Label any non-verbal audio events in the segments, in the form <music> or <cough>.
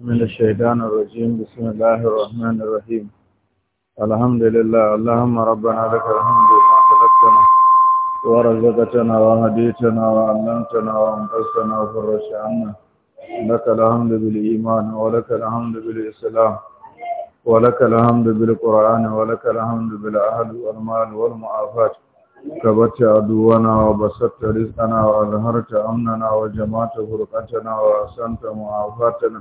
من الشيطان الرجيم بسم الله الرحمن الرحيم الحمد لله اللهم ربنا لك الحمد ما خلقتنا ورزقتنا وهديتنا وعلمتنا وانقذتنا وفرجت عنا لك الحمد بالإيمان ولك الحمد بالإسلام ولك الحمد بالقرآن ولك الحمد بالأهل والمال والمعافاة كبت عدونا وبسطت رزقنا وأظهرت أمننا وجمعت فرقتنا وأحسنت معافاتنا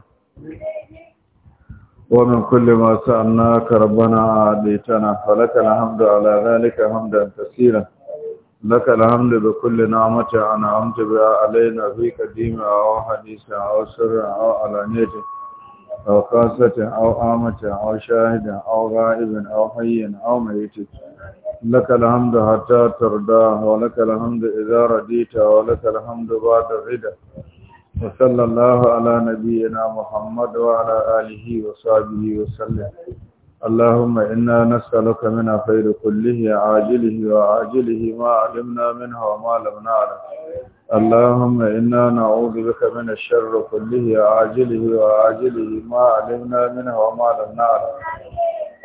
ومن كل ما سألناك ربنا عاديتنا فلك الحمد على ذلك حمدا كثيرا لك الحمد بكل نعمة أنعمت بها علينا في قديم أو حديث أو سر أو علانية أو خاصة أو آمة أو شاهد أو غائب أو حي أو ميت لك الحمد حتى ترضى ولك الحمد إذا رديت ولك الحمد بعد رضا وصلى الله على نبينا محمد وعلى آله وصحبه وسلم اللهم إنا نسألك من خير كله عاجله وعاجله ما علمنا منه وما لم نعلم اللهم إنا نعوذ بك من الشر كله عاجله وعاجله ما علمنا منه وما لم نعلم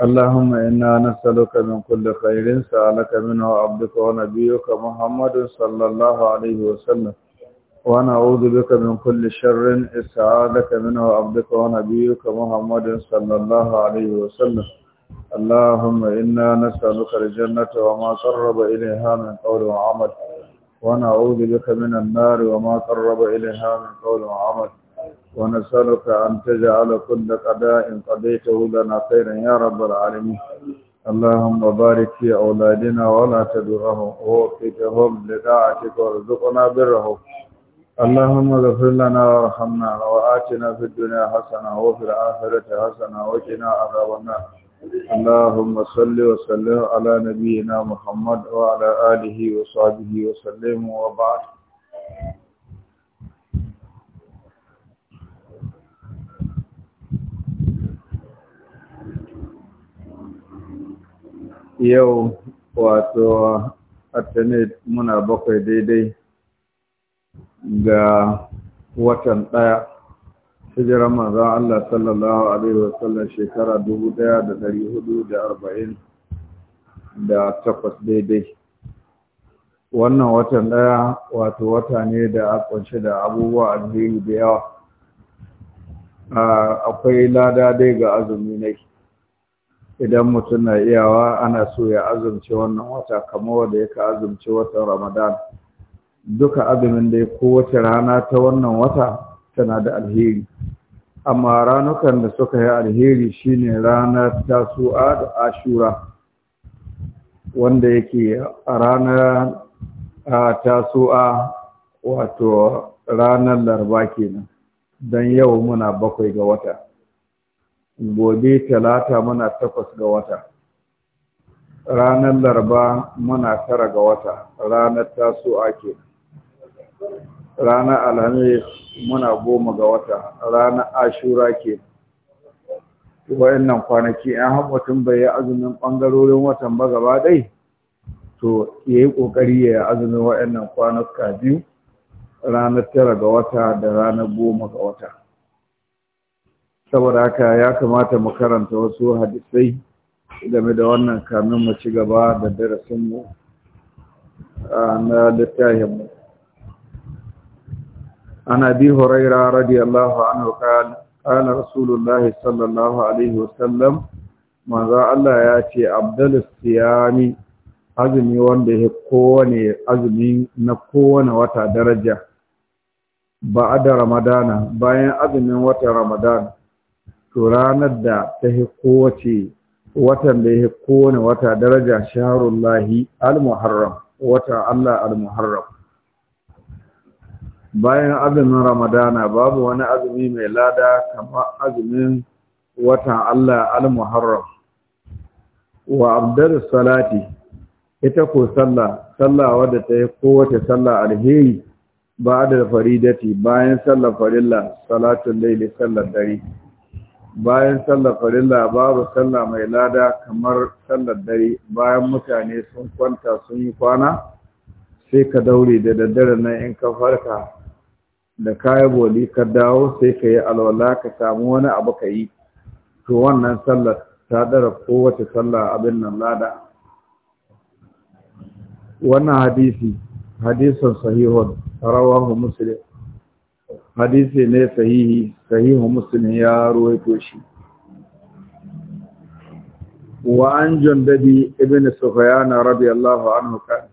اللهم إنا نسألك من كل خير سألك منه عبدك ونبيك محمد صلى الله عليه وسلم ونعوذ بك من كل شر استعاذك منه عبدك ونبيك محمد صلى الله عليه وسلم اللهم إنا نسألك الجنة وما قرب إليها من قول وعمل ونعوذ بك من النار وما قرب إليها من قول وعمل ونسألك أن تجعل كل قضاء قضيته لنا خيرا يا رب العالمين اللهم بارك في أولادنا ولا تدرهم ووفقهم لطاعتك وارزقنا برهم اللهم اغفر لنا وارحمنا وآتنا في الدنيا حسنة وفي الآخرة حسنة وقنا عذاب النار اللهم صل وسلم على نبينا محمد وعلى آله وصحبه وسلم وبعد واتو اتنيت منا بقي bakwai دي. ga watan ɗaya hijirar manzan Allah sallallahu Alaihi sallam shekara takwas daidai wannan watan ɗaya wato wata ne da a kunshi da abubuwa addini da yawa akwai lada dai ga azumi ne idan mutum na iyawa ana so ya azumci wannan wata kamar wanda yake azumci watan ramadan duka azumin da ya kowace rana ta wannan wata tana da alheri amma ranukan da suka yi alheri shine ranar tasu'a da ashura wanda yake a ranar tasu'a wato ranar larba kenan don yau muna bakwai ga wata gobe talata muna takwas ga wata ranar larba muna tara ga wata ranar tasu'a kenan ranar alhamis muna goma ga wata ranar ashura ke wayannan kwanaki yan hamutun bai yi azumin ɓangarorin watan ba gaba dai to ya yi ƙoƙari ya yi azumin wayannan kwanaka biyu ranar tara ga wata da ranar goma ga wata saboda haka ya kamata mu karanta wasu hadisai game da wannan kamin mu ci gaba da darasinmu ah, na littafinmu عن أبي هريرة رضي الله عنه قال قال رسول الله صلى الله عليه وسلم ماذا الله ياتي أبدل الصيام azumi wanda ya kowane azumi na kowane wata daraja ba a da ramadana bayan azumin wata ramadana to ranar da ta yi kowace watan da ya kowane wata daraja shaharullahi al-muharram wata Allah al-muharram bayan azumin ramadana babu wani azumi mai lada kamar azumin watan Allah al-muharram wa abdar salati ita ko sallah sallah wadda ta yi kowace sallah alheri ba da faridati bayan Sallah farilla salatun laili sallar dare bayan Sallah farilla babu sallah mai lada kamar sallar dare bayan mutane sun kwanta sun yi kwana sai ka daure da daddare nan in ka farka da kayan boli ka dawo sai ka yi alwala ka samu wani abu ka yi to wannan sallar ta dara kowace sallah abin nan lada wannan hadisi hadisun sahihun rawahu muslim hadisi ne sahihi sahihun muslim ya ruwaito shi wa an jundabi ibn sufyan radiyallahu anhu kan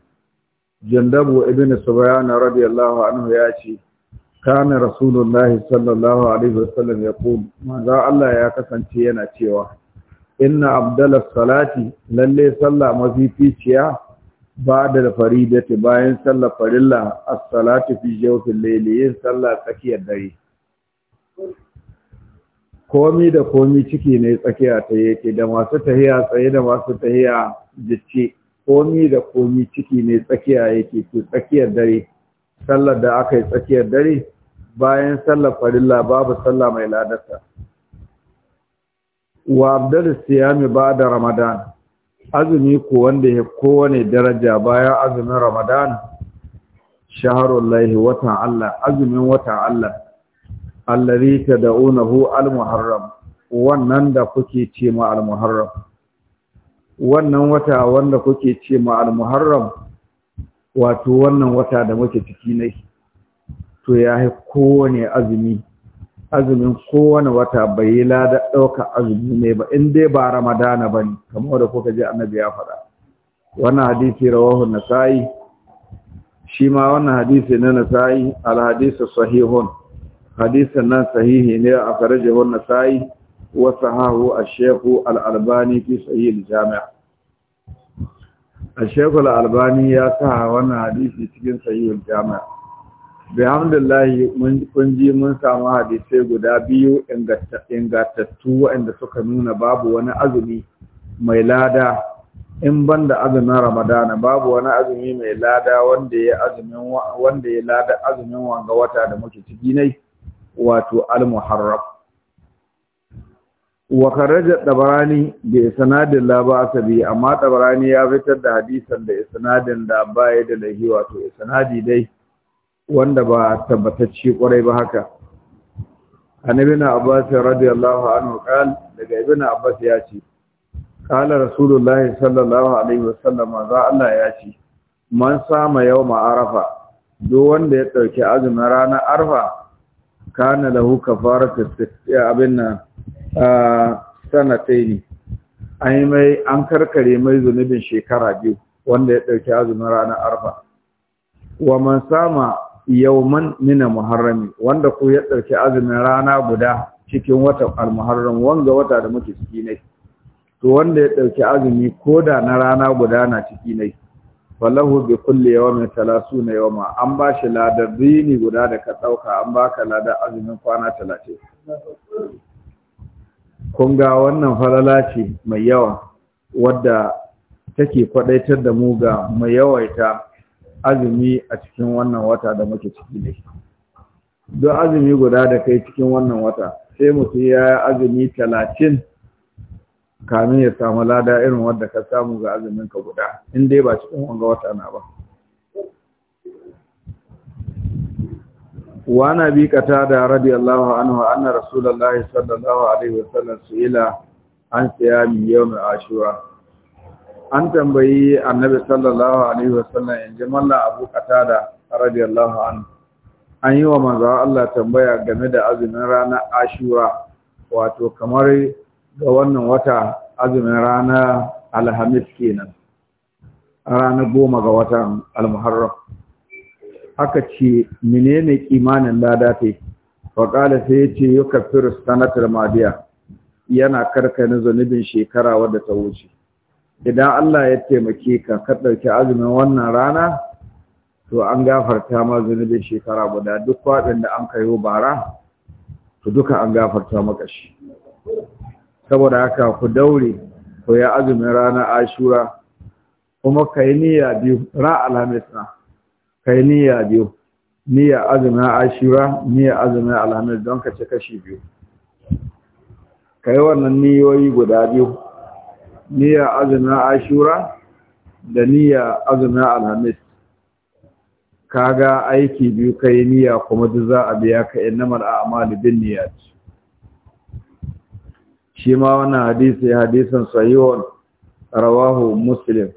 jundabu ibn sufyan radiyallahu anhu ya ce kana rasulullahi sallallahu alaihi wasallam ya kuma manzo Allah ya kasance yana cewa inna abdala salati lalle sallah mafificiya ba da faridati bayan sallah farilla as-salatu fi jawfil layli yin sallah tsakiyar dare komi da komi ciki ne tsakiya ta yake da masu tahiya tsaye da masu tahiya jice komi da komi ciki ne tsakiya yake to tsakiyar dare sallar da aka yi tsakiyar dare bayan sallar farilla babu sallah mai ladarta wa abdul siyami ba da ramadan azumi ko wanda ya kowane daraja bayan azumin ramadan shaharun laihi watan Allah azumin watan Allah allazi tad'unahu al-muharram wannan da kuke ce ma al-muharram wannan wata wanda kuke ce ma al-muharram wato wannan wata da muke ciki ne to ya yi kowane azumi azumin kowane wata bai yi lada ɗaukar azumi ne ba in dai ba ramadana ba ne kamar da kuka ji annabi ya faɗa wannan hadisi rawahu nasa'i shi ma wannan hadisi na nasa'i alhadisu sahihun hadisin nan sahihi ne a farajahu nasa'i wa sahahu ash-shaykhu al-albani fi sahih al-jami' ash-shaykhu al-albani ya sa wannan hadisi cikin sahih al-jami' bihamdillahi kun ji mun samu hadisai guda biyu ingantattu waɗanda suka nuna babu wani azumi mai lada in ban da azumin ramadana babu wani azumi mai lada wanda ya azumin wanda lada azumin wanga wata da muke ciki ne wato al-muharram wa kharaja dabrani bi sanadin la ba amma dabrani ya fitar da hadisan da isnadin da baya da lahi wato isnadi dai wanda ba tabbatacce kwarai ba haka annabi na abbas radiyallahu anhu qal daga ibn abbas ya ce qala rasulullahi sallallahu alaihi wasallam za Allah ya ce man sama yawma arafa Do wanda ya dauki azumin ranar arfa kana lahu kafaratu abin nan sanataini ai mai an karkare mai zunubin shekara biyu wanda ya ɗauki azumin ranar arfa wa man sama yawman mina muharrami wanda ku ya tsarki azumin rana guda cikin watan al-muharram wanga wata da muke ciki ne to wanda ya ɗauki azumi koda na rana guda na ciki ne falahu bi kulli yawmin 30 yawma an ba shi ladar dini guda da ka dauka an baka ladar azumin kwana talatin. kun ga wannan falala ce mai yawa wadda take kwadaitar da mu ga mai yawaita azumi a cikin wannan wata da muke ciki ne don azumi guda da kai cikin wannan wata sai mutum ya yi azumi talatin kamin ya samu lada irin wadda ka samu ga azumin ka guda in dai ba cikin wanga wata na ba wa na رضي الله da radiyallahu anhu الله صلى sallallahu عليه وسلم سئل عن صيام يوم عاشوراء an tambayi annabi sallallahu alaihi wasallam in ji malla abu katada radiyallahu anhu an yi wa manzo Allah tambaya game da azumin rana ashura wato kamar ga wannan wata azumin rana alhamis kenan ranar goma ga watan almuharram aka ce menene kimanin lada ta kala sai ya ce yau sanatar madiya yana karkani zunubin shekara wadda ta wuce idan Allah ya taimake ka ka ɗauki azumin wannan rana to an gafarta ma zunubin shekara guda duk faɗin da an kayo bara to duka an gafarta maka shi saboda haka ku daure ku ya azumin rana ashura kuma ka yi niyya biyu ran alhamis na ka yi niyya biyu niyya azumin ashura niyya azumin alhamis don ka ci kashi biyu ka yi wannan niyoyi guda biyu niyya azumin ashura da niyya azumin alhamis Ka ga aiki biyu kai niyya kuma duk za a biya ka innamal a'malu ce. shi ma wannan hadisi hadisin sahihun rawahu muslim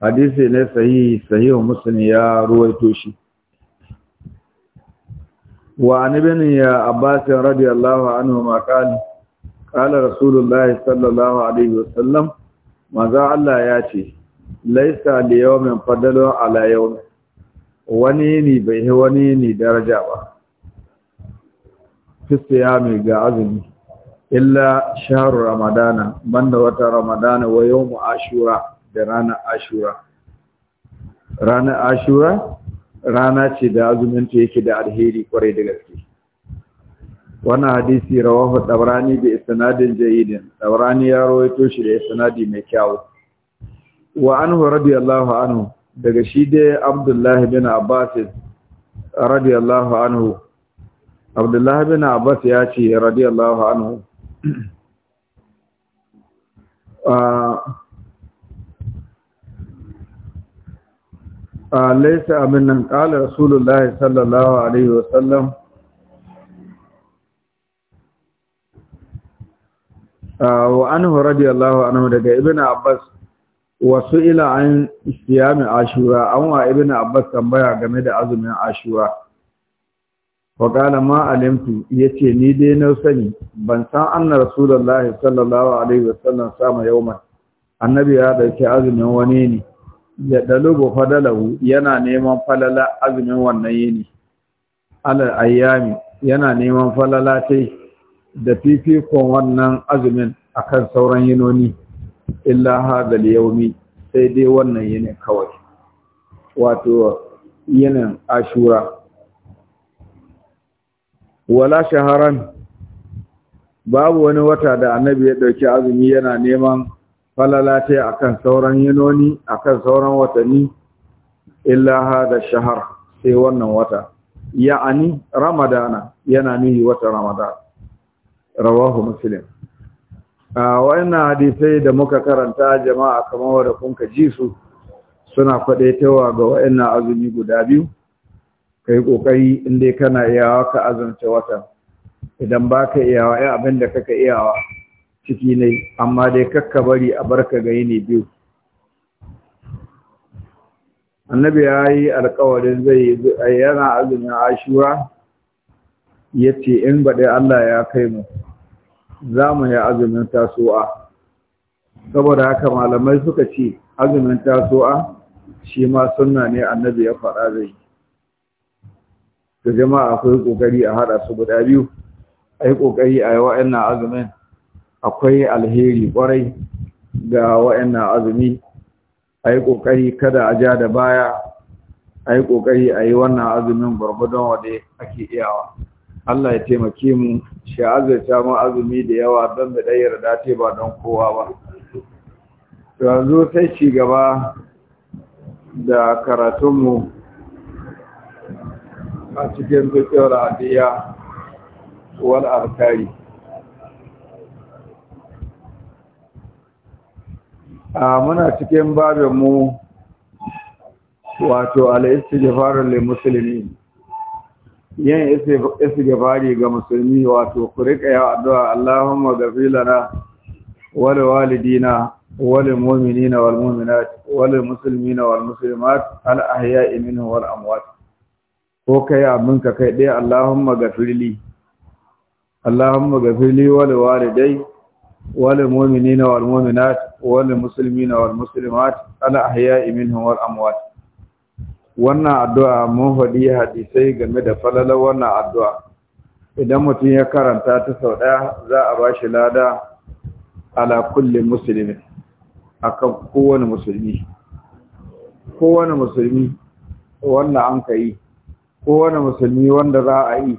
hadisi ne sahihi sahihu muslim ya ruwaito shi wa an ibn ya abbas radiyallahu anhu ma qala ƙala rasulullahi sallallahu alaihi wasallam maza Allah ya ce laisa da yawon fadalo ala yawon wani ne bai yi wani ne daraja ba fistiyami ga azumi illa shaharu ramadana banda wata ramadana wa yawon ashura da ranar ashura ranar ashura rana ce da azuminta yake da alheri kwarai da gaske wannan hadisi rawahu dabrani bi isnadin jayyidin dabrani ya rawaito shi da isnadi mai kyau wa anhu radiyallahu anhu daga shi dai abdullahi bin abbas radiyallahu anhu abdullahi bin abbas ya ce radiyallahu anhu a <clears throat> ah, ah, laisa aminan qala rasulullahi sallallahu alaihi wasallam wa anhu radiyallahu anhu daga ibnu abbas wasu ila an siyami ashura an wa ibnu abbas tambaya game da azumin ashura wa kana ma alimtu yace ni dai na sani ban san anna rasulullahi sallallahu alaihi wasallam sama yawma annabi ya dauki azumin wani ne ya dalubu fadalahu yana neman falala azumin wannan yini ala ayyami yana neman falala sai da fifikon wannan azumin akan sauran yinoni illa hadal yaumi sai dai wannan yinin kawai wato yinin ashura wala shaharan babu wani wata da annabi ya dauki azumi yana neman falalate akan sauran yinoni akan sauran watanni illa hada shahar sai wannan wata ya'ani ramadana yana nihi wata ramadana rawahu muslim a hadisai da muka karanta jama'a kamar wanda kun ka ji su suna tawa ga wayannan azumi guda biyu kai kokari in dai kana iyawa ka azumce wata idan baka iyawa ya abin da kaka iyawa ciki ne amma dai kakka bari a barka ga yini biyu annabi ya yi alkawarin zai yi yana azumin ashura ya ce in baɗe Allah ya kai mu za mu yi azumin tasowa saboda haka malamai suka ce azumin tasowa shi ma suna ne annabi ya faɗa zai da jama'a akwai kokari a haɗa su guda biyu ai kokari a yi wa'annan azumin akwai alheri kwarai ga wa'annan azumi ai kokari kada a ja da baya ai kokari a yi wannan azumin gwargwadon wanda ake iyawa Allah ya taimake mu shi azurta mu azumi da yawa don da ɗaya yarda ce ba don kowa ba yanzu sai ci gaba da karatunmu a cikin zuciyar adiya wal arkari a muna cikin babinmu wato al-istighfarul lil muslimin yin gabari ga musulmi wato ku rika ya addu'a Allahumma gafi lana wa li walidina wa lil mu'minina wal mu'minat wa lil muslimina wal muslimat al ahya'i minhum wal amwat ko kai abin ka kai dai Allahumma ghafir li Allahumma ghafir li wa wani walidai wa lil mu'minina wal mu'minat wa lil muslimina wal muslimat al ahya'i minhum wal amwat wannan addu'a mun haɗi, hadisai game da falalar wannan addu'a idan mutum ya karanta ta sau ɗaya za a ba shi lada ala kulle musulmi akan kowane musulmi kowane musulmi wanda an ka yi kowane musulmi wanda za a yi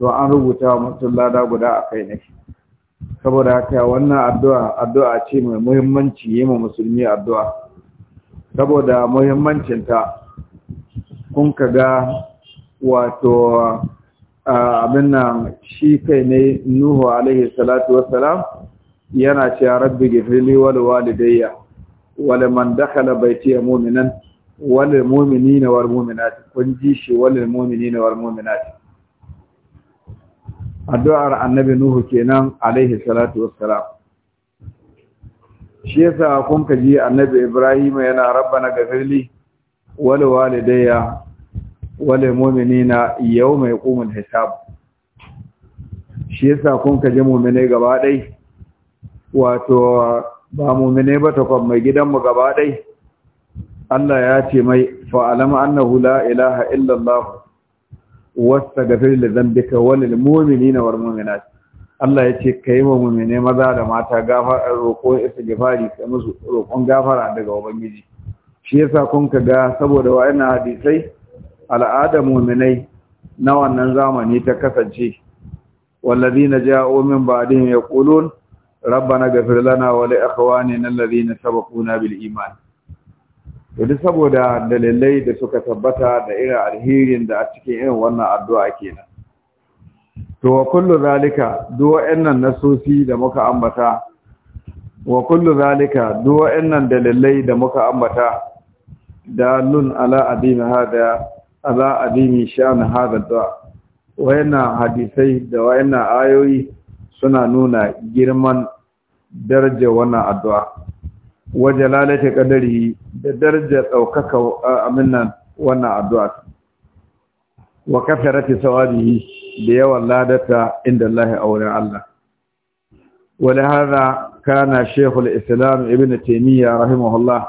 to an rubuta wa mutum lada guda a kai na shi saboda haka wannan addu'a addu'a ce mai muhimmanci yi ma musulmi addu'a saboda muhimmancinta kun ka ga wato abin nan shi kai ne Nuhu alaihi salatu wassalam yana cewa rabbi gifili wal walidayya wal man dakhala baiti mu'minan wal mu'minina wal mu'minat kun ji shi wal mu'minina wal mu'minat addu'ar annabi Nuhu kenan alaihi salatu wassalam shi yasa kun ka ji annabi Ibrahim yana rabbana gafirli wal walidayya wal mu'minina yawma yaqumul hisab shi yasa kun ka ji mu'mine gaba dai wato ba mu'mine ba ta kwan mai gidanmu gaba dai Allah ya ce mai fa'alama annahu la ilaha illa Allah wastaghfir li dhanbika wal mu'minina wal mu'minat Allah ya ce ka yi wa maza da mata gafara isa istighfari kai musu roƙon gafara daga Ubangiji. shi yasa kun ka ga saboda wa'annan hadisai al'adar muminai na wannan zamani ta kasance Omin ba min ba'dihim Rabba rabbana gafir lana wa li na alladhina sabaquna bil iman yadda duk saboda dalilai da suka tabbata da irin alherin da a cikin irin wannan addu'a kenan to wa kullu zalika duk wa'annan nasosi da muka ambata wa kullu zalika duk wa'annan dalilai da muka ambata dalun ala adini hada ala adimi sha'an hada du'a wayannan hadisai da wayannan ayoyi suna nuna girman daraja wannan addu'a wa jalalati qadarihi da daraja daukaka aminan wannan addu'a wa kafarati sawabihi da yawan ladata inda Allah auren Allah ولهذا كان شيخ islam ابن taimiyya رحمه الله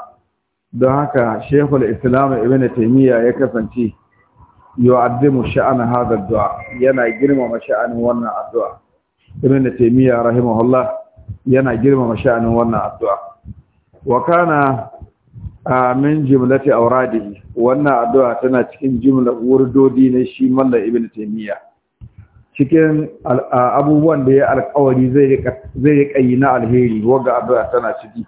don haka shekul islam ibn taimiyya ya kasance yu'azzimu sha'ana hadha hazar dua yana girmama sha'anin wannan addu'a ibn Taimiyya rahimahullah yana girmama sha'anin wannan addu'a Wakana kana min jumlati auradi wannan addu'a tana cikin jimla wurdodi na shi mallar ibn Taimiyya. cikin abubuwan da ya alkawari zai rika kayi na alheri wanda addu'a tana ciki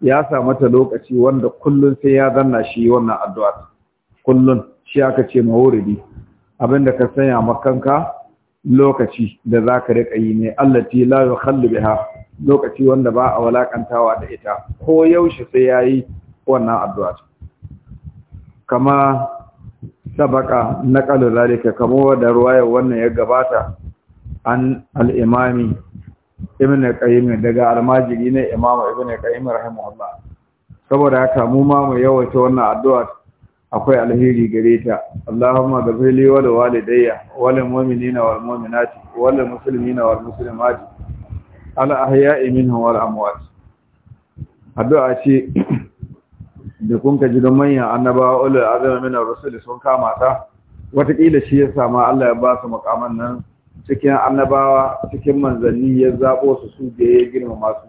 ya sa mata lokaci wanda kullun sai ya zanna shi wannan addu'a kullun shi aka ce mawuridi da ka sanya makanka lokaci da zaka rika yi ne allati la yukhallu biha lokaci wanda ba a walakantawa da ita ko yaushe sai yayi wannan addu'a kama sabaka naqalu zalika kamo da ruwaya wannan ya gabata an al-imami ibn qayyim daga almajiri ne imamu ibn qayyim rahimahullah saboda haka mu ma mu yawaita wannan addu'a akwai alheri gare ta Allahumma ghfir li wa walidayya wa lil mu'minina wal mu'minati wa lil muslimina wal muslimati ala ahya'i minhum wal amwat addu'a ce da kun ka ji don manyan annabawa ulul azmi min ar-rusul sun kama ta kila shi ya sama Allah ya ba su makaman nan cikin annabawa cikin manzanni ya zaɓo su su da ya girmama su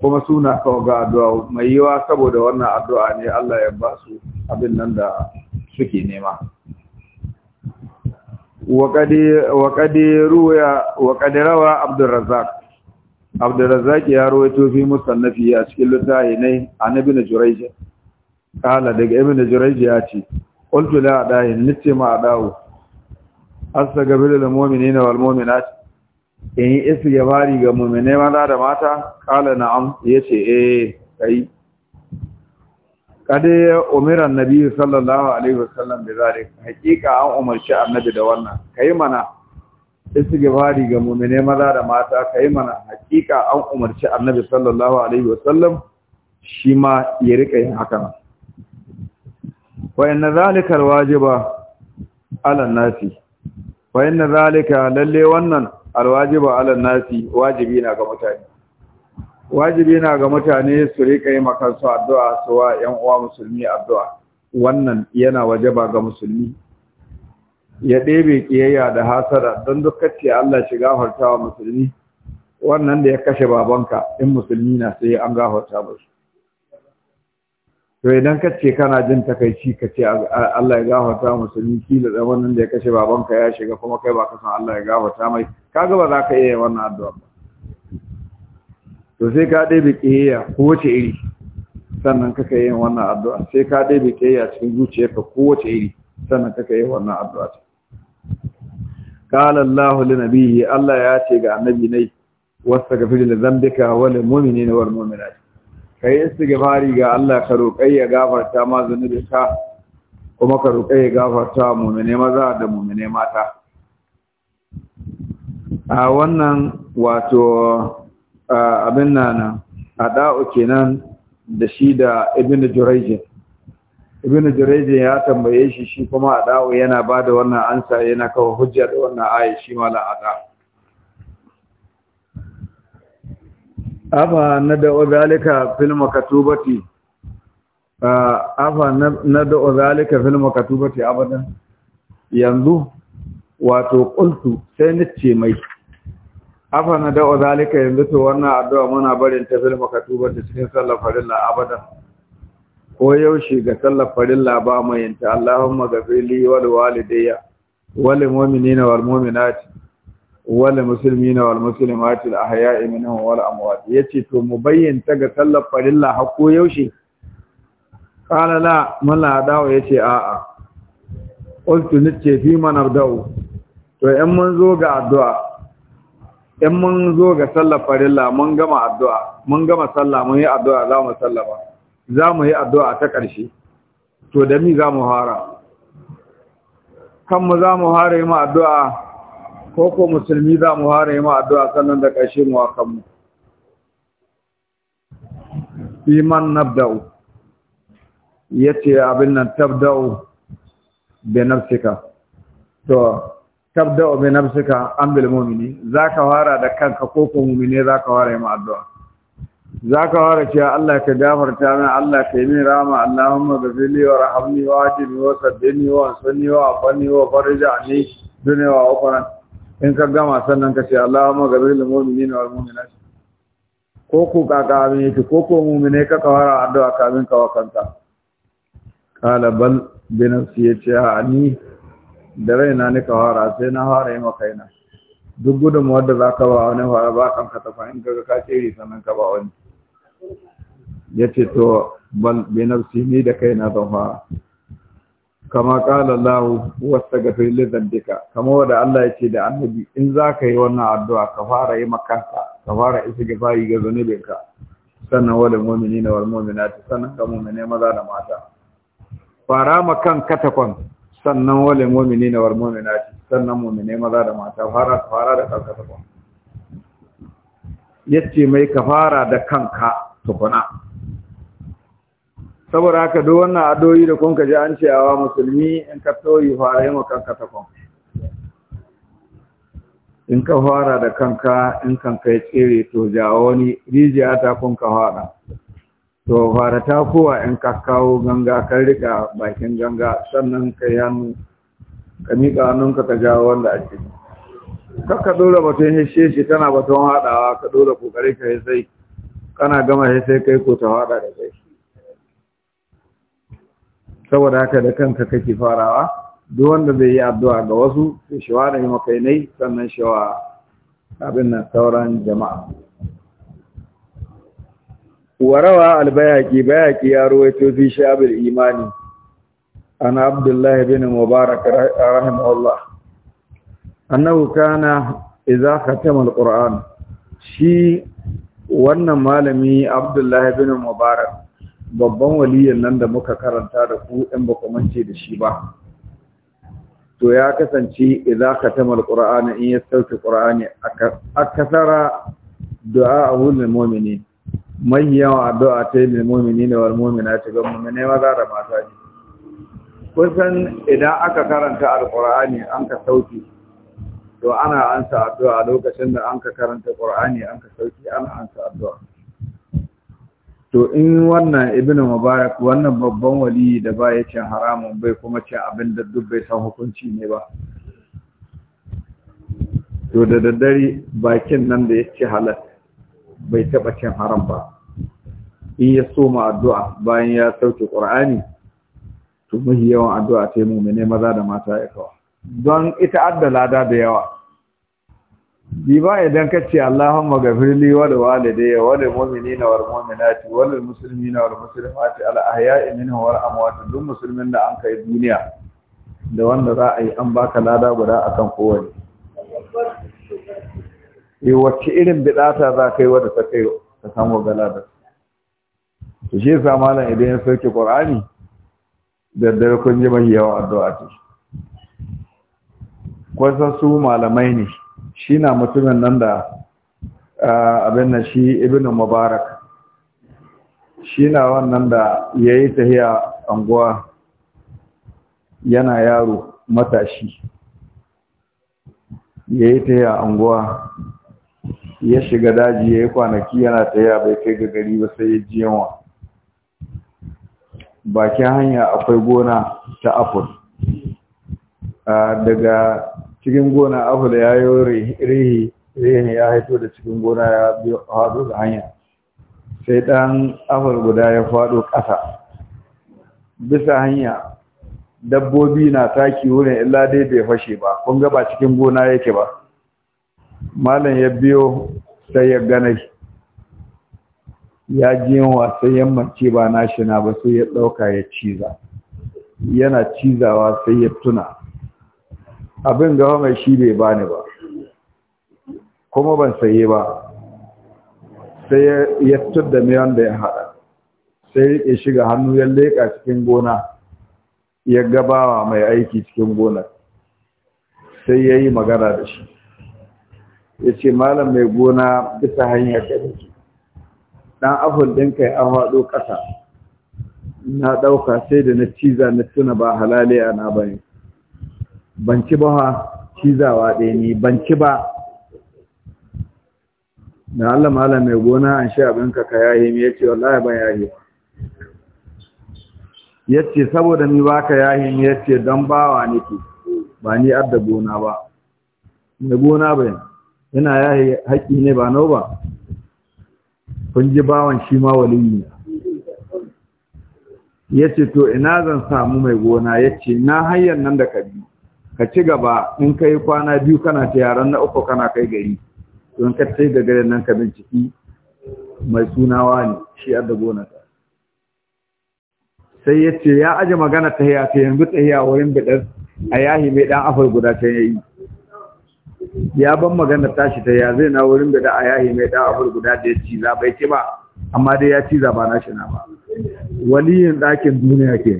kuma suna kawo ga addu'a mai yiwa saboda wannan addu'a ne Allah ya ba su abin nan da suke nema waƙadi rawa Abdulrazak abdurrazak ya rawaito fi musannafi a cikin littafi ne a nabi na ƙala daga ibi na ya ce ƙultula a ɗaya nice ma a ɗawo astaghfiru lil mu'minina wal mu'minat in yi isu ya bari ga mu'minai maza da mata kala na'am yace eh kai kade umira annabi sallallahu alaihi wasallam da zare hakika an umarci annabi da wannan kai mana ya bari ga mu'mine maza da mata kai mana hakika an umarci annabi sallallahu alaihi wasallam shi ma ya rika yin haka wa inna zalika alwajiba ala nasi wa inna zalika lalle wannan alwajiba ala nasi wajibi na ga mutane wajibi na ga mutane su rika yi su addu'a su wa ƴan uwa musulmi addu'a wannan yana wajaba ga musulmi ya ɗebe kiyayya da hasara don dukkanci Allah shi gafarta wa musulmi wannan da ya kashe babanka in musulmi na sai an gafarta musu to idan ka ce kana jin takaici ka ce Allah ya gafarta musulmi kila da wannan da ya kashe babanka ya shiga kuma kai ba ka san Allah ya gafarta mai kaga ba za ka iya wannan addu'a ba to sai ka dai biƙiyya ko wace iri sannan kaka yin wannan addu'a sai ka dai biƙiyya cikin zuciyarka ko wace iri sannan kaka kai wannan addu'a qala Allahu li nabiyyi Allah ya ce ga annabi ne wasta gafir li dhanbika wal mu'minina wal mu'minat ka yi istighfari ga Allah ka roƙai ya gafarta ma zunubinka kuma ka roƙai ya gafarta mu'mine maza da mu'mine mata a wannan wato abin a ada'u kenan da shi da ibn jurayj ibn jurayj ya tambaye shi shi kuma ada'u yana ba da wannan ansa yana kawo hujja da wannan aya shi malam ada'u afa na da zalika filma katubati afa na da zalika filma katubati abadan yanzu wato kultu sai nace mai afa na da zalika yanzu to wannan addu'a muna barin ta filma makatubati cikin sallar farilla abadan ko yaushe ga sallar farilla ba mai yanta Allahumma gafili wal walidayya wal mu'minina wal mu'minati wal muslimina wal muslimati al ahya'i minhum wal amwat yace to mu bayyanta ga sallar farilla hakko yaushe qala la mala dawo yace a a qultu nace fi man abda'u to in mun zo ga addu'a in mun zo ga sallar farilla mun gama addu'a mun gama sallah mun yi addu'a za mu sallama za mu yi addu'a ta ƙarshe to da mi za mu fara kan mu za mu fara yi mu addu'a ko ko musulmi za mu hare ma addu'a sannan da ƙarshe mu akan mu iman nabda'u yace abin nan tabda'u bi nafsika to tabda'u bi nafsika an bil mu'mini zaka fara da kanka ko ko mu'mine zaka fara ma addu'a za ka fara cewa Allah ka gafarta min Allah ka yi min rama Allahumma gafili wa rahamni wa ajini wa saddini wa ansani wa afani wa farja ni duniya wa ukran in ka gama sannan ka ce Allahumma gabir lil mu'minina wal mu'minat ko ku ka ka amin yake ko ko mu'mine ka kawara addu'a ka amin ka wakanta kala bal bin nafsi ce a ni da raina ni kawara sai na fara yi maka ina duk gudun wanda zaka ka ba wani fara ba kan ka tafi in ka ka tsere sannan ka ba wani yace to bal bin nafsi ni da kaina zan fara kama kala lahu huwa astaghfir li dhanbika kama wanda Allah yace da annabi in zaka yi wannan addu'a ka fara yi makanka ka fara istighfari ga zanubinka sannan mu'mini mu'minina wal mu'minat sannan ga mu'mine maza da mata fara kan katakon sannan mu'mini mu'minina wal mu'minat sannan mu'mine maza da mata fara fara da kanka takwan yace mai ka fara da kanka tukuna saboda haka duk wannan adoyi da kun kaji an cewa musulmi in ka tsoyi fara yi kanka ta kwan? in ka fara da kanka in kanka ya tsere to jawo wani rijiya ta kun ka fara to fara ta kowa in ka kawo ganga kan rika bakin ganga sannan ka yi hannu ka miƙa hannunka ka jawo wanda a kan ka dora batun hishe shi tana batun haɗawa ka dora kokari ka yi sai kana gama sai kai ko ta haɗa da kai saboda haka da kanka kake farawa duk wanda zai yi addu'a ga wasu sai shawara yi makainai sannan shawa abin nan sauran jama'a warawa albayaki bayaki ya ruwaito fi shabil imani an abdullahi bin mubarak rahimahullah annahu kana idza khatama alquran shi wannan malami abdullahi bin mubarak babban waliyin nan da muka karanta da ku ɗan ba mance da shi ba to ya kasance idza khatama alqur'ana in yastawti qur'ani akasara du'a lil mu'minin mai yawa addu'a ta lil ne wal ta ga mu'minai maza da mata ne kusan idan aka karanta alqur'ani an ka sauki to ana ansa addu'a lokacin da an ka karanta qur'ani an ka sauki ana ansa addu'a to in wannan ibnu mubarak wannan babban waliyyi da ba ya cin haramun bai kuma cin abin da duk bai san hukunci ne ba to da daddare bakin nan da ya ci halal bai taɓa cin haram ba in ya soma addu'a bayan ya sauke ƙur'ani to mahi yawan addu'a ta yi mummune maza da mata ya kawo don ita adda lada da yawa diba idan ka ce Allahumma gafirli wa walidayya wa lil mu'minina wal mu'minati wa lil muslimina wal muslimati al ahya'i minhum wal amwat duk musulmin da an kai duniya da wanda za a yi an baka lada guda akan kowani eh wacce irin bidata za kai wanda ta kai ta samu galada to shi sa malam idan ya sauke Qur'ani da dare kun ji mai yawa addu'a ce sa su malamai ne shi na mutumin nan da abin da shi ibn mubarak shi na wannan da ya yi tahiya anguwa yana yaro matashi ya yi tahiya anguwa ya shiga daji ya yi kwanaki yana tahiya bai kai ga gari ba sai ya ji yawa bakin hanya akwai gona ta apple daga cikin gona aful ya yi rihi rihi ya haito da cikin gona ya biyo da hanya sai ɗan aful guda ya faɗo ƙasa bisa hanya dabbobi na taki wurin illa dai bai fashe ba kun ga ba cikin gona yake ba malam ya biyo sai ya gane ya ji yawa sai yammace ba nashi na ba sai ya ɗauka ya ciza yana cizawa sai ya tuna abin gaba mai shi bai bani ba kuma ban saye ba sai ya tudda miyan da ya haɗa sai riƙe shiga hannu ya leƙa cikin gona ya gabawa mai aiki cikin gonar sai ya yi magana da shi ya ce malam mai gona bisa hanyar da nake ɗan afin ɗinka ya an haɗo ƙasa na ɗauka sai da na ciza na tuna ba halaliya na bayan ban ci ba shi zawa ɗaya ne ban ci ba da Allah malam mai gona an sha abinka ka yaye mi yace wallahi ban yaye yace saboda ba baka yaye ya yace don bawa nake ba ni adda gona ba mai gona bai yana yaye haƙi ne ba nau ba kun ji bawan shi ma Ya yace to ina zan samu mai gona yace na hanyar nan da kabi ka ci gaba in ka yi kwana biyu kana ta yaran na uku kana kai gari don ka sai ga garin nan ka binciki mai sunawa ne shi a da ta sai ya ce ya aji magana ta hiya ta yanzu ta hiya wurin bidar a yahi mai dan afar guda ta yayi ya ban magana tashi ta ya zai na wurin bidar a yahi mai dan afar guda da ya ci za bai ci ba amma dai ya ci za ba na shi na ba waliyin ɗakin duniya ke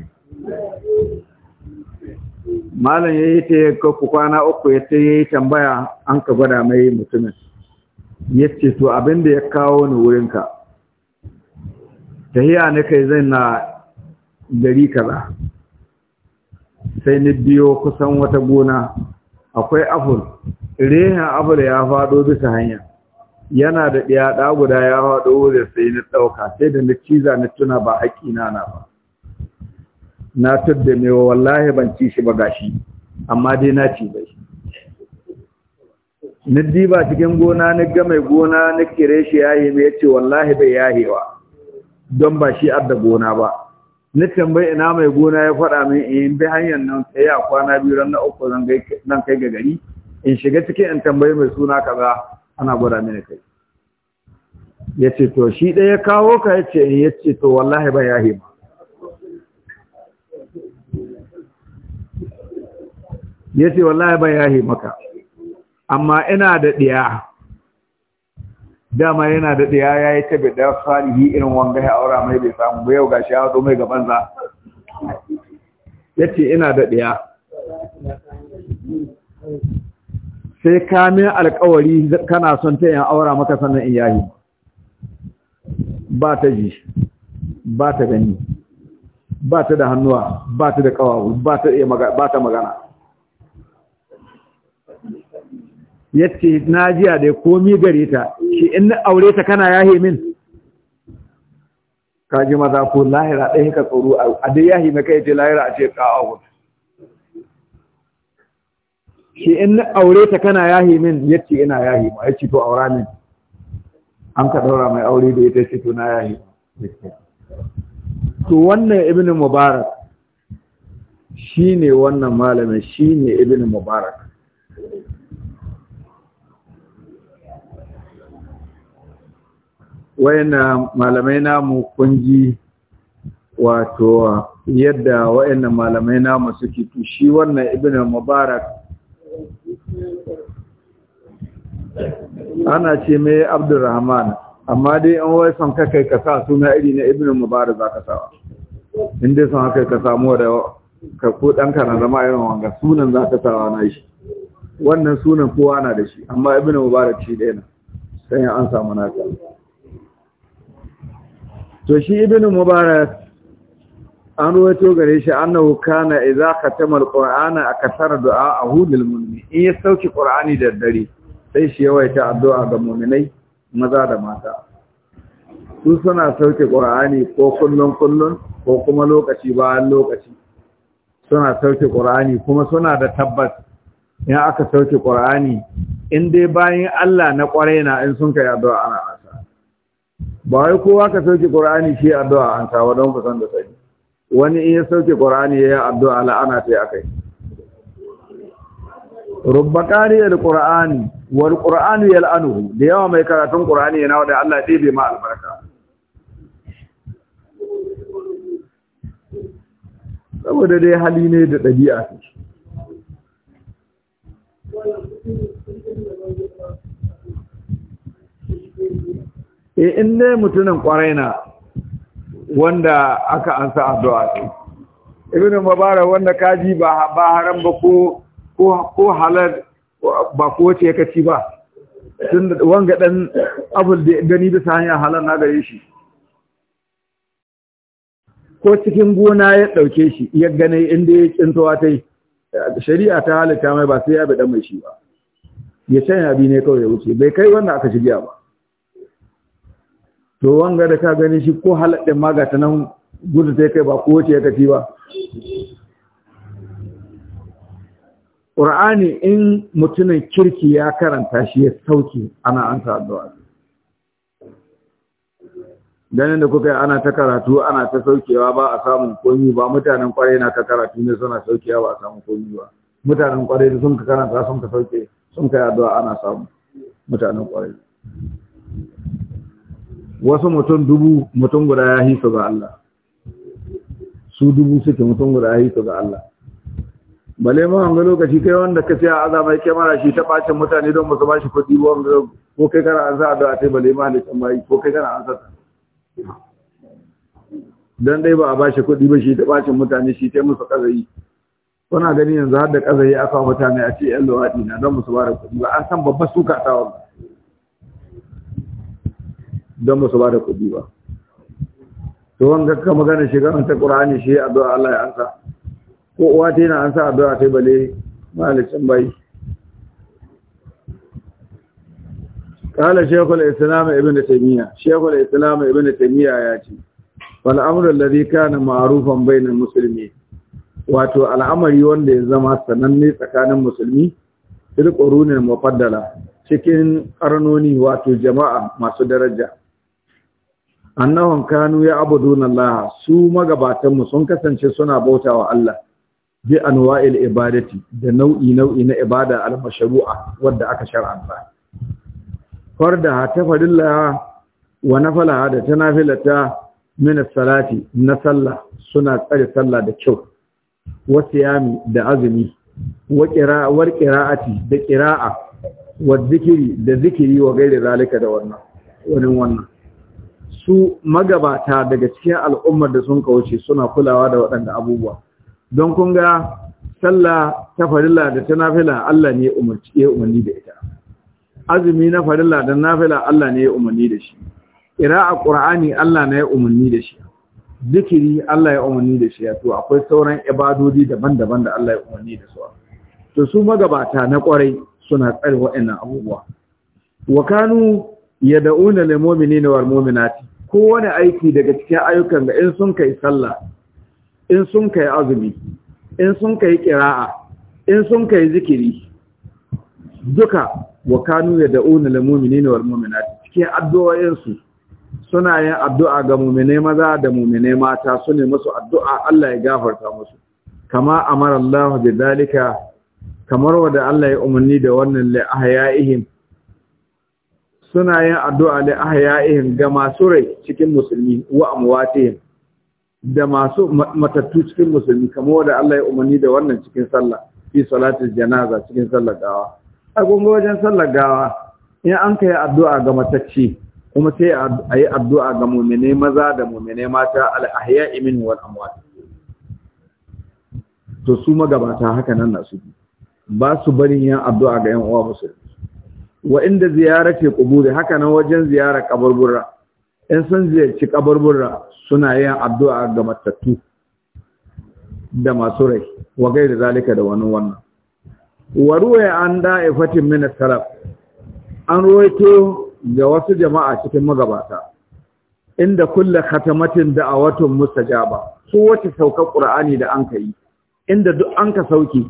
malam ya yi ta ku kwana uku ya ce yi tambaya an ka gwada mai mutumin ya ce to abin da ya kawo ni wurinka tahiya na kai zai na gari kaza sai ni biyo kusan wata gona akwai abul reha abul ya faɗo bisa hanya yana da ɗaya ɗaguda guda ya fado wurin sai ni ɗauka sai da na ciza na tuna ba haƙina na ba na tudda mewa wallahi ban ci shi ba gashi amma dai na ci bai ni diba cikin gona ni ga mai gona ni kire shi yayi mai yace wallahi bai yahewa don ba shi adda gona ba ni tambayi ina mai gona ya faɗa min in bi hanyar nan sai ya kwana biyu ran na uku zan kai nan kai ga gari in shiga cikin in tambayi mai suna kaza ana gwada mini kai yace to shi ɗaya kawo ka yace yace to wallahi bai yahewa ya ce wallahi ban yahi maka amma ina da ɗiya dama yana da ɗiya ya yi tabi da salihi irin wanga ya aura mai bai samu ba yau ga shi haɗo mai gaban za ya ce ina da ɗiya sai kamin alkawari kana son ta yin aura maka sannan in yahi ba ta ji ba ta gani ba ta da hannuwa ba ta da kawawu ba ta magana yace na jiya da komi gare ta shi in na aure ta kana yahe min Ka ji maza ko lahira ɗaya ka tsoro a dai yahe maka yace lahira a ce kawo shi in na aure ta kana yahe min yace ina yahe ma yace to aura min an ka daura mai aure da ita ce to na yahe to wannan ibnu mubarak shine wannan malamin shine ibnu mubarak wayannan malamai namu kungi wato yadda wayannan malamai namu suke to shi wannan ibn mubarak ana ce mai abdurrahman amma dai an wai son kai ka sa suna iri na ibn mubarak za ka sawa in dai son kai ka samu da ka ko ɗanka na zama irin wanga sunan za ka sawa na shi wannan sunan kowa na da shi amma ibn mubarak shi dai na sai an samu naka to shi ibn mubarak an ruwato gare shi annahu kana idza khatama alqur'ana du'a du'a'ahu lil mu'minin in ya sauki qur'ani da dare sai shi yawaita addu'a ga mu'minai maza da mata su suna sauke qur'ani ko kullun kullun ko kuma lokaci bayan lokaci suna sauke qur'ani kuma suna da tabbas in aka sauke qur'ani in dai bayan Allah na kware na in sun kai addu'a ba wai kowa ka sauke ƙur'ani shi addu'a an tawa don ku da sani wani in ya sauke qur'ani ya yi addu'a la'ana ta akai rubba da ƙur'ani wani wal ya la’anuhu da yawa mai karatun ya yana da Allah dai bai ma albarka saboda dai hali ne da ɗabi'a Eh, in ne mutumin kwarai na wanda aka ansa addu'a ce ibn mubarak wanda kaji ba ba haram ba ko ko halal ba ko ce ka ci ba tun wanga dan abul da gani da sanya halal na gare shi ko cikin gona ya dauke shi ya gane inda ya tsintowa tai shari'a ta halitta mai ba sai ya bi dan mai shi ba ya sanya bi ne kawai ya wuce bai kai wanda aka ci ba to wanga da ka gani shi ko halaɗin maga ta nan gudu ta kai ba ko wace ya kafi ba ƙur'ani in mutumin kirki ya karanta shi ya sauke ana an addu'a ganin da kuka yi ana ta karatu ana ta saukewa ba a samun komi ba mutanen kwarai na ta karatu ne suna saukewa ba a samun komi ba mutanen kwarai da sun ka karanta sun ka sauke sun ka yi addu'a ana samu mutanen kwarai wasu mutum dubu mutum guda ya hi su ga Allah su dubu suke mutum guda ya hi su ga Allah bale ma wanga lokaci kai wanda ka siya aza mai kyamara shi ta bacin mutane don musu bashi kuɗi ko kai kana an sa da sai bale ma da tambayi ko kai kana an sa dan dai ba a bashi kuɗi ba shi ta bacin mutane shi ta musu kazayi kuna gani yanzu har da kazayi aka mutane a ce yan luwaɗi na don musu ba da kuɗi ba an san babbar suka ta wanga don musu ba da kuɗi ba to wanga ka magana shiga an ta qur'ani shi addu'a Allah ya ansa ko uwa ta yana ansa addu'a ta bale malikin bai قال شيخ الإسلام ابن تيمية شيخ الإسلام ابن تيمية ياتي والأمر الذي كان معروفا بين المسلمين wato al'amari wanda ya zama sananne tsakanin musulmi fil qurunin mufaddala cikin karnoni wato jama'a masu daraja annahum kanu ya'buduna Allah su magabatan mu sun kasance suna bautawa Allah bi anwa'il ibadati da nau'i nau'i na ibada al-mashru'a wanda aka shar'anta farda ta farilla wa nafala da ta nafilata min salati na sallah suna tsare sallah da kyau wa siyami da azumi wa qira'a wa qira'ati da qira'a wa zikiri da zikiri wa gairi zalika da wannan wannan su magabata daga cikin al'ummar da sun kawace suna kulawa da waɗanda abubuwa don kun ga sallah ta farilla da ta nafila Allah ne ya umarni da ita azumi na farilla da nafila Allah ne ya umarni da shi Ira a ƙura'ani Allah ne ya umarni da shi zikiri Allah ya umarni da shi to akwai sauran ibadodi daban-daban da Allah ya umarni da su to su magabata na kwarai suna tsare waɗannan abubuwa wa kanu yad'una lil mu'minina wal mu'minati kowane aiki daga cikin ayyukan da in sun kai sallah in sun kai azumi in sun kai kira'a in sun kai zikiri duka wa kanu ya da'una lil mu'minina wal cikin addu'o'insu suna yin addu'a ga mu'mine maza da mu'mine mata su ne musu addu'a Allah ya gafarta musu kama amara Allah da zalika kamar da Allah ya umarni da wannan li suna yin addu'a da ahya'ihim ga masu rai cikin musulmi wa yin, da masu matattu cikin musulmi kamar wadda Allah ya umarni da wannan cikin sallah fi salatul janaza cikin sallar gawa a gungun wajen sallar gawa in an kai addu'a ga matacci kuma sai a yi addu'a ga mummine maza da mummine mata al imin min wal to su magabata haka nan na su ba su barin yin addu'a ga yan uwa musulmi wa inda ke da haka na wajen ziyara ƙabarburra, in sun ziyarci ƙabarburra suna yin addu'a ga matattu da masu rai wa gaira zalika da wani wannan wa an fatin min salaf an ruwaito ga wasu jama'a cikin magabata inda kullu khatamatin da'awatun mustajaba su wace sauka qur'ani da an kai inda duk an ka sauki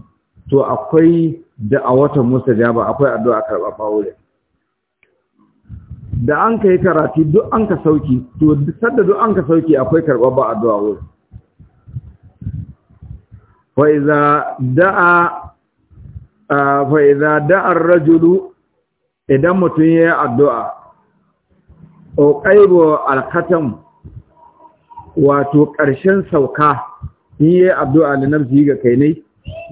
to akwai da a watan Musa Jaba akwai addu'a karɓar fawure da an ka yi karatu duk an ka sauki to sadda duk an ka sauki akwai karɓa ba addu'a wuri fa da'a fa rajulu idan mutum ya yi addu'a o qaibu al-khatam wato ƙarshen sauka yi addu'a da nafsi ga kainai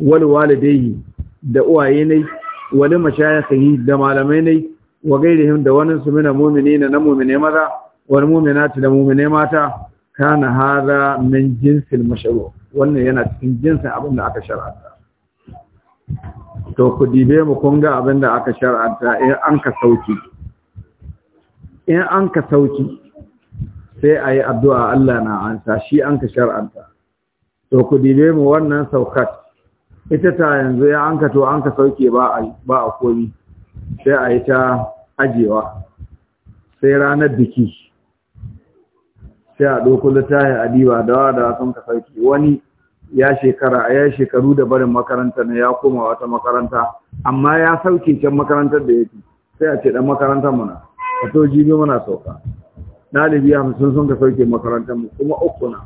wali walidai da uwaye ne wali mashayikhi da malamai ne wa gairihim da wani su mina mu'minina na mu'mine maza wal mu'minati da mu'mine mata kana hada min jinsil mashru wannan yana cikin jinsin abin da aka shar'anta to ku dibe mu kun ga abin da aka shar'anta in an ka sauki in an ka sauki sai ayi addu'a Allah na ansa shi an ka shar'anta to ku dibe mu wannan saukat ita ta yanzu ya an ka to an ka sauke ba a ba a komi sai a yi ta ajewa sai ranar biki sai a ɗauko littafi a diba da da sun ka sauke wani ya shekara ya shekaru da barin makaranta ne ya koma wata makaranta amma ya sauke can makarantar da yake sai a ce dan makarantar mu na ka to jibi muna sauka ɗalibi hamsin sun ka sauke makarantar mu kuma uku na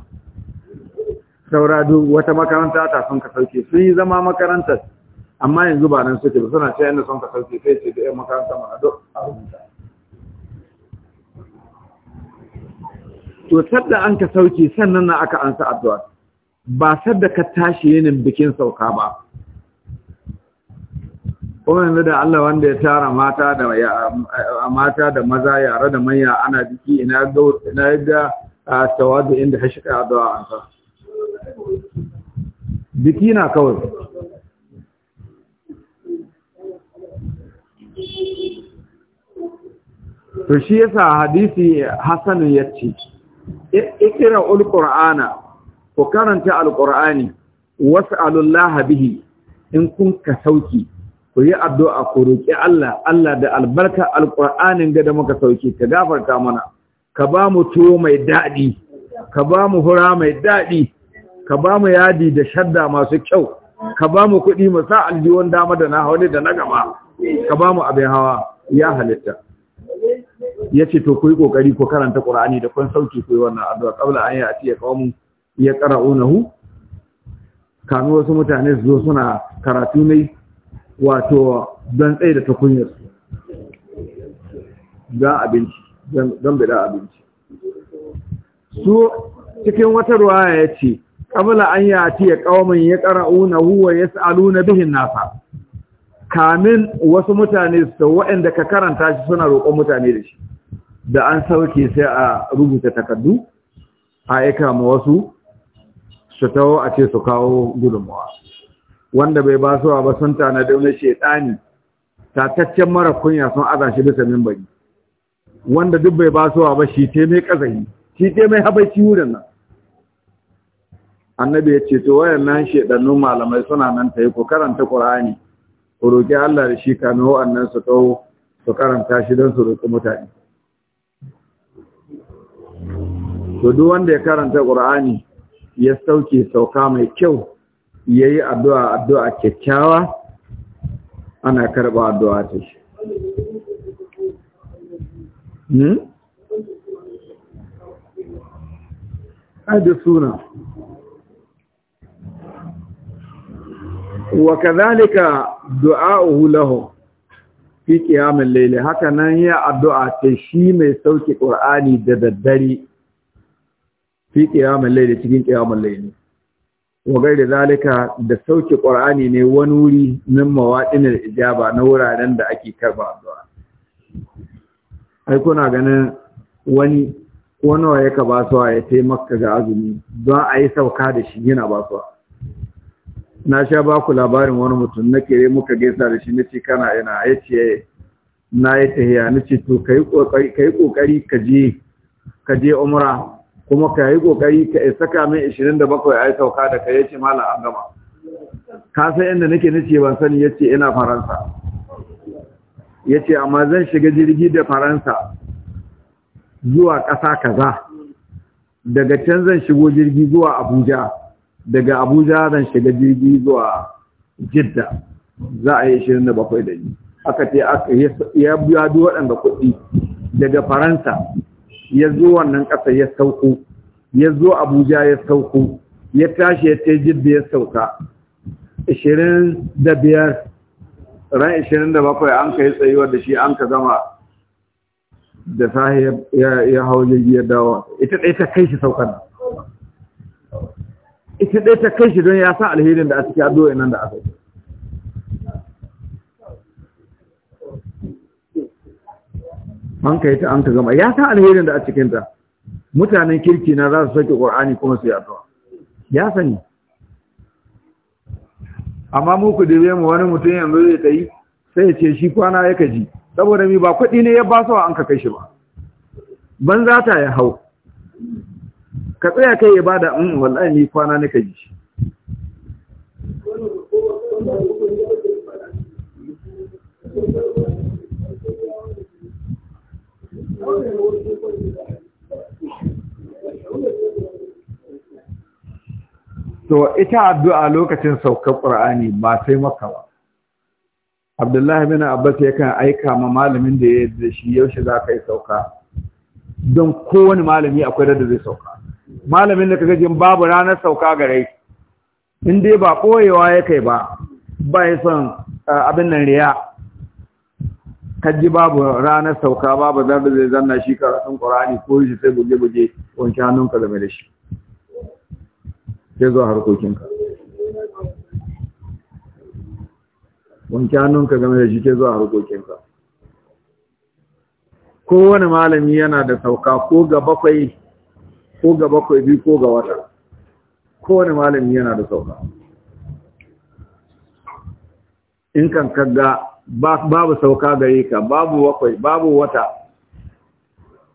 saura duk wata makaranta ta sun ka sauke sun yi zama makarantar amma yanzu ba nan suke ba suna ce yadda sun ka sauke sai ce da yan makaranta mana duk a rubuta to sadda an ka sauke sannan na aka ansa addu'a ba sadda ka tashi yinin bikin sauka ba kuma yanzu da Allah wanda ya tara mata da mata da maza yare da manya ana biki ina ga ina ga tawadu inda ka shiga addu'a ansa biki na kawai to shi yasa hadisi hasanun yace ikira alqur'ana ko karanta alqur'ani was'alullaha bihi in kun ka sauki ku yi addu'a ku roki Allah Allah da albarka alqur'anin ga da muka sauki ka gafarta mana ka ba mu tuwo mai dadi ka ba mu hura mai dadi ka ba mu yadi da shadda masu kyau ka ba mu kuɗi mu sa aljiwon dama da na hawa da na gaba ka ba mu abin hawa ya halitta ya ce to ku yi ƙoƙari ku karanta ƙur'ani da kun sauki ku yi wannan addu'a ƙabla an yi a ciye kawo ya ƙara'unahu kanu wasu mutane su zo suna karatu ne wato don tsaye da takunyarsu don abinci don bida abinci su cikin wata ruwaya ya ce qabla an yati qauman yaqra'unahu wa yas'aluna bihi bihin nasa kamin wasu mutane su waɗanda ka karanta shi suna roƙon mutane da shi da an sauke sai a rubuta takardu a aika ma wasu su tawo a ce su kawo gudunmawa wanda bai ba suwa ba sun tana da wani shaidani tataccen mara kunya sun aza shi bisa bari. wanda duk bai ba suwa ba shi te mai kazahi shi te mai habaici wurin nan annabi ya ce to wayannan shedannun malamai suna nan ta yi ku karanta qur'ani ku roki Allah da shi kano wa'annan su su karanta shi don su roki mutane to duk wanda ya karanta qur'ani ya sauke sauka mai kyau yayi addu'a addu'a kyakkyawa ana karba addu'a ta shi hmm? Ai da suna. wa kadhalika du'a'uhu lahu fi al layl haka nan ya addu'a ce shi mai sauki qur'ani da daddare fi al layl cikin al layl wa gairi zalika da sauki qur'ani ne wani wuri min al ijaba na wuraren da ake karba addu'a ai kuna ganin wani ko nawa yaka ba su ya taimaka ga azumi don a yi sauka da shi yana ba su na sha ba ku labarin wani mutum na kere muka gaisa da shi nace kana yana ya ce na yi tahiya nace to kai kokari kai kokari ka je ka je umra kuma ka yi kokari ka isa ka min 27 ai sauka da kai yace mallam an gama ka san inda nake nace ban sani yace ina faransa yace amma zan shiga jirgi da faransa zuwa ƙasa kaza daga can zan shigo jirgi zuwa abuja daga abuja zan shiga jirgi zuwa jidda za a yi 27 da yi aka ce ya biya duk waɗanda kuɗi daga faransa ya zo wannan ƙasa ya sauko ya zo abuja ya sauko ya tashi ya ce jidda ya sauka 25 ran 27 an ka yi tsayuwa da shi an ka zama. da sahi ya hau jirgi ya dawo ita ɗaya ta kai shi nan. ita dai ta kai shi don ya sa alherin da a cikin addu'o'in nan da aka yi an kai ta an ka gama ya sa alherin da a cikin ta mutanen kirki na za su sake qur'ani kuma su yi addu'a ya sani amma mu ku dube mu wani mutum yanzu zai ta yi sai ya ce shi kwana ya kaji saboda mi ba kuɗi ne ya ba su an ka kai shi ba ban za ta ya hau ka tsaya kai ibada in mm, wallahi ni kwana nake ji To ita addu'a lokacin saukar ƙur'ani ba sai maka ba. Abdullahi bin Abbas yakan aika ma malamin da ya da shi yaushe za ka yi sauka. Don kowane malami akwai da zai sauka. malamin da kaga jin babu ranar sauka gare in dai ba koyewa ya kai ba ba ya son abin nan riya kaji babu ranar sauka babu zarda zai zanna shi karatun ƙorani ko shi sai guje-guje wanke hannunka game da shi sai zuwa harkokinka wanke hannunka game da shi sai zuwa harkokinka kowane malami yana da sauka ko ga bakwai ko ga bakwai biyu ko ga wata kowane malami yana da sauka in kan kaga babu sauka gare ka babu bakwai babu wata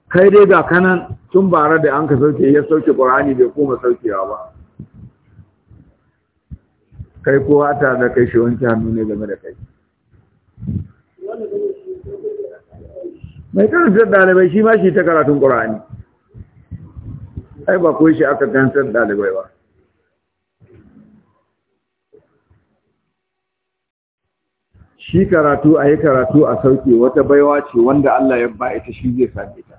kai dai ga kanan tun bara da an ka sauke ya sauke ƙorani bai koma saukewa ba kai ko wata da kai shi wanke hannu ne game da kai mai karanta ɗalibai shi ma shi ta karatun ƙorani ai ba ko shi aka kansar dalibai ba shi karatu a karatu a sauke wata baiwa ce wanda Allah ya ba ita shi zai same ta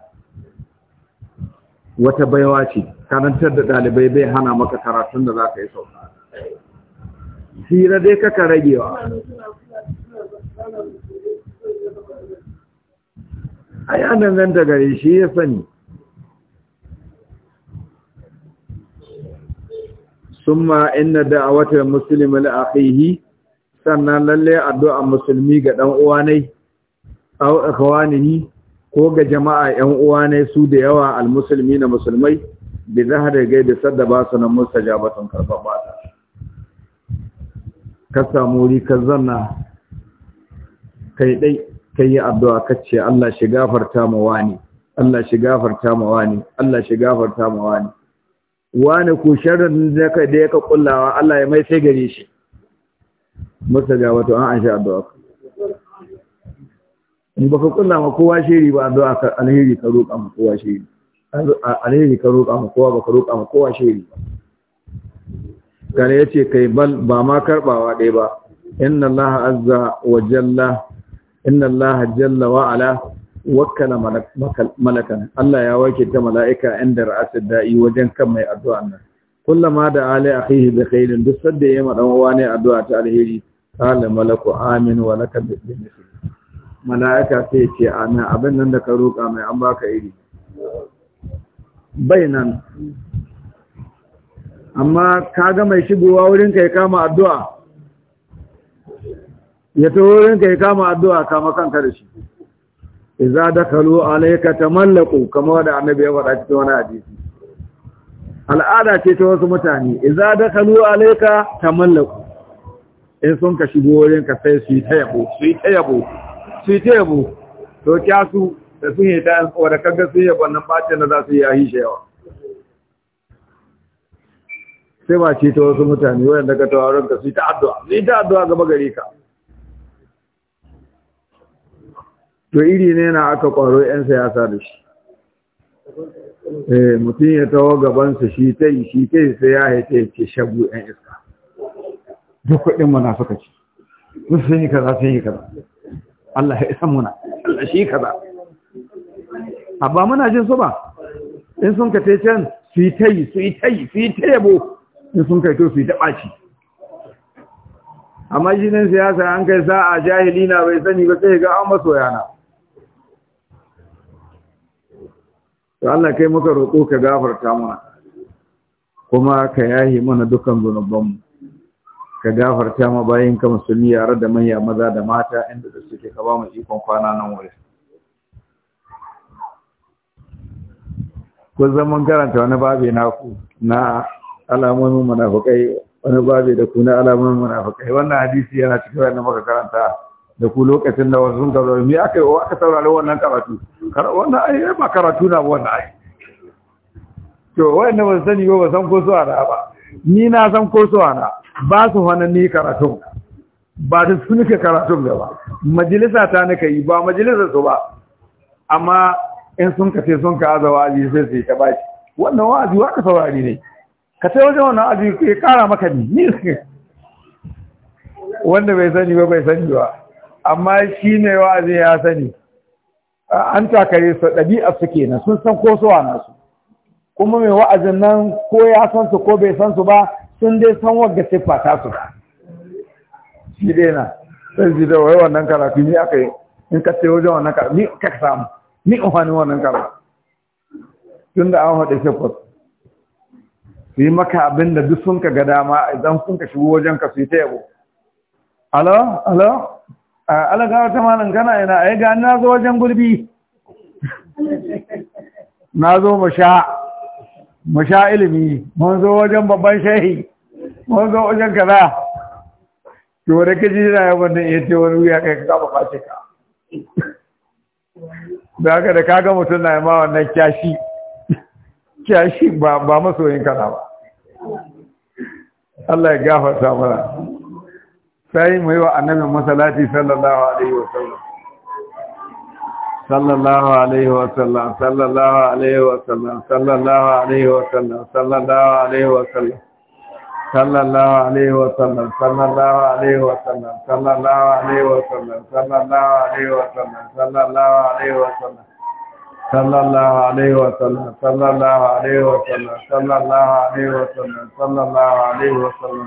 wata baiwa ce karantar da dalibai bai hana maka karatun da za ka yi sauka hira dai kaka ragewa ai an danganta gare shi ya sani summa inna da'awatal muslimi li akhihi sannan lalle addu'a musulmi ga dan uwa ne aw akhwanihi ko ga jama'a yan uwa ne su da yawa al muslimi na musulmai bi zahar gai da sadda ba su nan mustajabatun karban mata ka samu ri ka zanna kai dai kai yi addu'a kace Allah shi gafarta ma wani Allah shi gafarta ma wani Allah shi gafarta ma wani wani ku sharar da ya da ka kullawa Allah ya mai sai gare shi musa ga wato an an sha addu'a ba baka kulla ma kowa shiri ba addu'a ka alheri ka roƙa ma kowa shiri alheri ka roƙa ma kowa ba ka roƙa ma kowa shiri ba kare yace kai bal ba ma karbawa dai ba inna Allah azza wa jalla inna Allah jalla wa ala wakkala malakan Allah ya ta mala'ika inda ra'asul da'i wajen kan mai addu'a nan kullama da ali akhihi bi khairin duk sadda yayi madan uwa ne addu'a ta alheri qala malaku amin wa laka bi mala'ika sai ce amin abin nan da ka roƙa mai an baka iri bainan amma ka ga mai shigowa wurin ka ya kama addu'a ya ta wurin ka ya kama addu'a kama kanka da shi Iza dakalu alayka tamallaku kamar da annabi ya faɗa cikin wani hadisi al'ada ce ta wasu mutane iza dakalu alayka tamallaku in sun ka shigo wurin ka sai su ta yabo su ta yabo su ta yabo to kya su da sun yi ta yan da kaga su yabo nan bace na za su yi ahi shewa sai ba ce ta wasu mutane wayanda ka tawaron ka su ta addu'a su yi ta addu'a gaba gare ka to iri ne na aka kwaro 'yan siyasa da shi eh mutum ya tawo gabansa shi ta yi shi ta yi sai ya haice ce shagu 'yan iska duk kuɗin mana suka ci sun sun yi kaza sun yi kaza Allah ya isan muna Allah shi kaza abba muna jin su ba in sun ka can su yi ta yi su yi ta yi su yi ta yabo in sun kai to su yi ta ɓaci amma shi ne siyasa an kai sa'a jahili na bai sani ba sai ga an masoyana to Allah kai muka roƙo ka gafarta mana kuma ka yahi mana dukan zunubanmu ka gafarta ma bayan ka musulmi yare da manya maza da mata inda da suke ka ba mu ikon kwana nan wuri ko zan mun karanta wani babi na ku na alamomin munafukai wani babi da ku na alamomin munafukai wannan hadisi yana cikin wannan muka karanta da ku lokacin da wasu sun karo ya aka yi aka saurari wannan karatu wannan ai ba karatu na wannan ai to wanda ba sani ba ba san ko su ana ba ni na san ko su ana ba su hannun ni karatun ba da su nika karatun da ba majalisa ta nika yi ba majalisa su ba amma in sun kace sun ka aza wa'azi sai sai ta shi wannan wa'azi wa ka saurari ne ka sai wajen wannan wa'azi ya kara maka ni <laughs> wanda bai sani ba bai sani ba amma shi ne wa'azi ya sani an takare su ɗabi'a su na, sun san ko suwa nasu kuma mai wa'azin nan ko ya san su ko bai san su ba sun dai san wagga siffa ta su shi dai na sai ji da wai wannan karatu ni aka yi in ka ce wajen wannan karatu ni ka samu ni amfani wannan karatu tun da an haɗe siffa su yi maka abin da duk sun ka ga dama idan sun ka shigo wajen ka su yi ta yabo alo alo alagawa ta malin kana ina ai ga na zo wajen gurbi? na zo mu sha mu sha ilimi mun zo wajen babban shehi mun zo wajen kaza to da kaji na yawan da iya wani wuya kai ka ba face ka da haka da kaga mutum na ma wannan kyashi kyashi ba masoyin kana ba Allah ya gafarta mana sai mu yi wa annabin masalati sallallahu alaihi wasallam sallallahu alaihi wasallam sallallahu alaihi wasallam sallallahu alaihi wasallam sallallahu alaihi wasallam sallallahu alaihi wasallam sallallahu alaihi wasallam sallallahu alaihi wasallam sallallahu alaihi wasallam sallallahu alaihi wasallam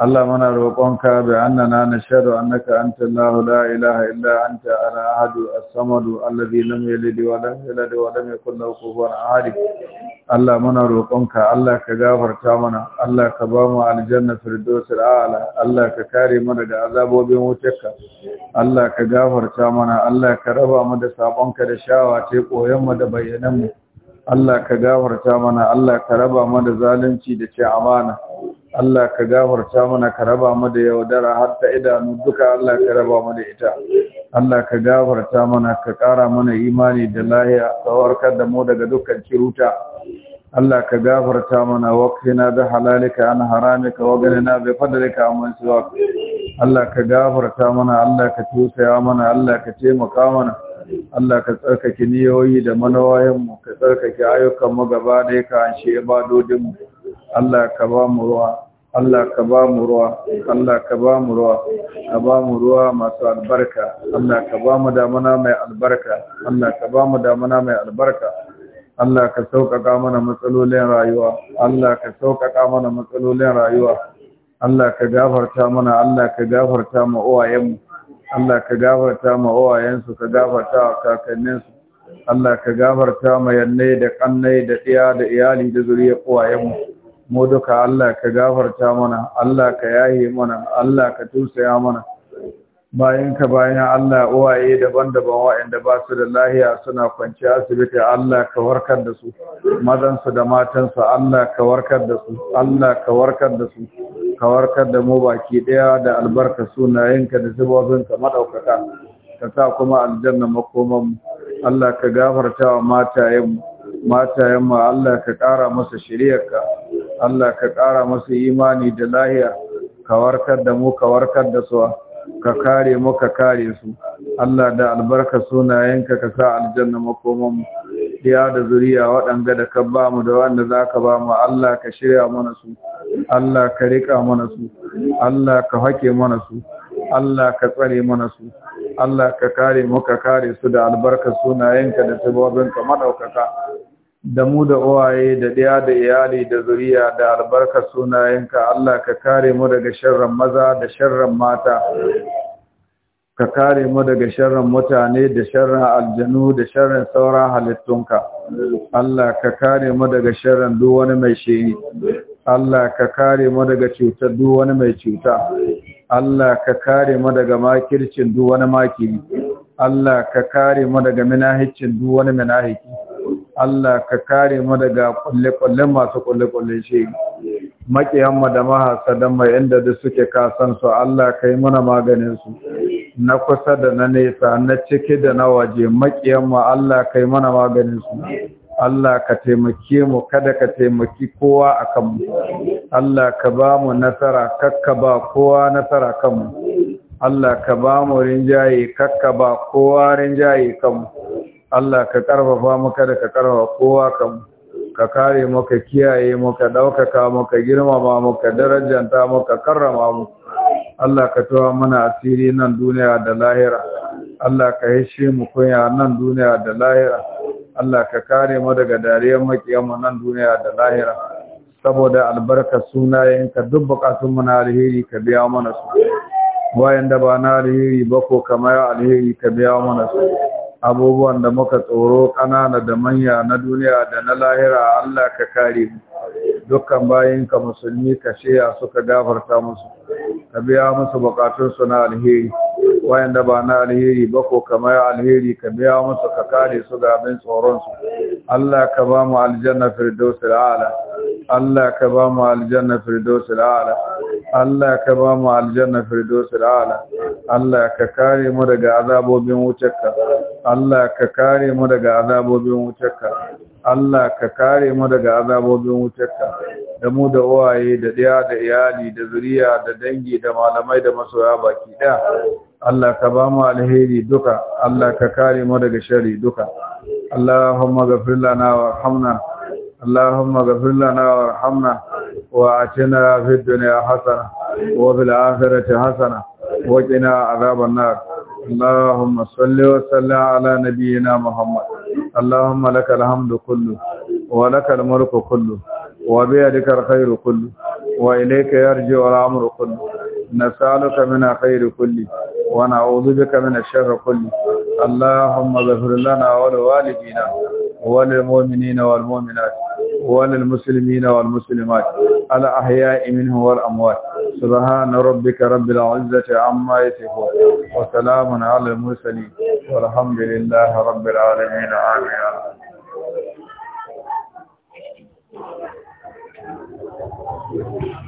Allah muna roƙonka bi annana nashhadu annaka anta Allahu la ilaha illa anta ana ahadu as-samadu alladhi lam yalid wa lam yulad wa lam yakul lahu kufuwan ahad Allah muna roƙonka Allah ka gafarta mana Allah ka ba mu aljanna firdausul a'la Allah ka kare mu daga azabobin wutarka Allah ka gafarta mana Allah ka raba mu da sabonka da shawa te koyon mu da bayyanan mu Allah ka gafarta mana Allah ka raba mu da zalunci da ce amana Allah ka gafarta mana ka raba mu da yaudara har ta idanu duka Allah ka raba mu da ita Allah ka gafarta mana ka ƙara mana imani da lahiya ka warkar da mu daga dukkan ciruta Allah ka gafarta mana waqina da halalika an haramika wa ghanina bi fadlika amman siwak Allah ka gafarta mana Allah ka tusaya mana Allah ka taimaka mana Allah ka tsarkake niyoyi da manawayen mu ka tsarkake ayyukan mu gaba da ka an shi ibadodin mu Allah ka ba mu ruwa Allah ka ba mu ruwa Allah ka ba mu ruwa ka ba mu ruwa masu albarka Allah ka ba mu damuna mai albarka Allah ka ba mu damuna mai albarka Allah ka sauƙaƙa mana matsalolin rayuwa Allah ka sauƙaƙa mana matsalolin rayuwa Allah ka gafarta mana Allah ka gafarta ma uwayenmu Allah ka gafarta ma uwayensu ka gafarta wa kakanninsu Allah ka gafarta ma yanne da kannai da tsiya da iyali da zuriyar uwayenmu mu duka Allah ka gafarta mana Allah ka yaye mana Allah ka tusaya mana bayan ka bayan Allah uwaye daban-daban waɗanda ba su da lahiya suna kwanci asibiti Allah ka warkar da su su da matan su, Allah ka warkar da su Allah ka warkar da su ka warkar da mu baki ɗaya da albarka sunayenka da zubobinka maɗaukaka ka sa kuma aljanna makoman Allah ka gafarta wa matayen mu, Allah ka ƙara masa shiriyarka Allah ka ƙara masu imani da lahiya ka warkar da mu ka warkar da su ka kare mu ka kare su Allah da albarka sunayenka ka sa aljanna makoman mu ya da zuriya waɗanda da ka ba mu da wanda za ka ba mu Allah ka shirya mana su Allah ka riƙa mana su Allah ka hake mana su Allah ka tsare mana su Allah ka kare mu ka kare su da albarka sunayenka da tabobinka madaukaka da mu da uwaye da ɗaya da iyali da zuriya da albarka sunayenka Allah ka kare mu daga sharran maza da sharran mata ka kare mu daga sharran mutane da sharran aljanu da sharran sauran halittunka Allah ka kare mu daga sharran duk wani mai shiri Allah ka kare mu daga cutar duk wani mai cuta Allah ka kare mu daga makircin duk wani makiri Allah ka kare mu daga minahicin duk wani minahiki Allah ka kare mu daga kulle kulle masu kulle-kulle shi mu da mahasadan mai inda da suke kasan su Allah kai yi mana maganin su na kusa da na nesa na cike da na waje mu Allah kai muna mana maganin su Allah ka taimake mu kada ka taimaki kowa a kanmu Allah ka ba mu nasara kakka ba kowa nasara kanmu Allah ka ba mu rinjaye kakka ba kowa rinjaye kanmu Allah ka karfafa maka da ka karfafa kowa kan ka kare mu kiyaye mu ka daukaka mu ka girmama mu ka darajanta mu ka karrama mu Allah ka tawa mana asiri nan duniya da lahira Allah ka hishe mu kunya nan duniya da lahira Allah ka kare mu daga dariyar makiyanmu nan duniya da lahira saboda albarkar ka duk bukatun mu na alheri ka biya mana su wayanda ba na alheri ba ko kamar alheri ka biya mana su abubuwan da muka tsoro ƙanana da manya na duniya da na lahira Allah ka kare mu dukkan bayinka musulmi ka shiya suka gafarta musu ka biya musu bukatunsu na alheri wayanda ba na alheri ba ko kamar alheri ka biya musu ka kare su ga abin tsoronsu Allah ka ba mu aljanna firdausul ala Allah ka ba mu aljanna firdausul ala Allah ka ba mu aljanna firdausul ala Allah ka kare mu daga azabobin ka. Allah ka kare mu daga azabobin ka. Allah ka kare mu daga azabobin ka. da mu da uwaye da ɗaya da iyali da zuriya da dangi da malamai da masoya baki ɗaya Allah ka ba mu alheri duka Allah ka kare mu daga shari duka Allahumma ghfir lana warhamna اللهم اغفر لنا وارحمنا واتنا في الدنيا حسنه وفي الاخره حسنه وقنا عذاب النار اللهم صل وسلم على نبينا محمد اللهم لك الحمد كله ولك الملك كله وبيدك الخير كله واليك يرجع الامر كله نسألك من خير كله ونعوذ بك من الشر كله اللهم اغفر لنا ولوالدينا وللمؤمنين والمؤمنات وللمسلمين والمسلمات الأحياء منه والأموات سبحان ربك رب العزة عما يصفون وسلام على المرسلين والحمد لله رب العالمين آمين Thank you.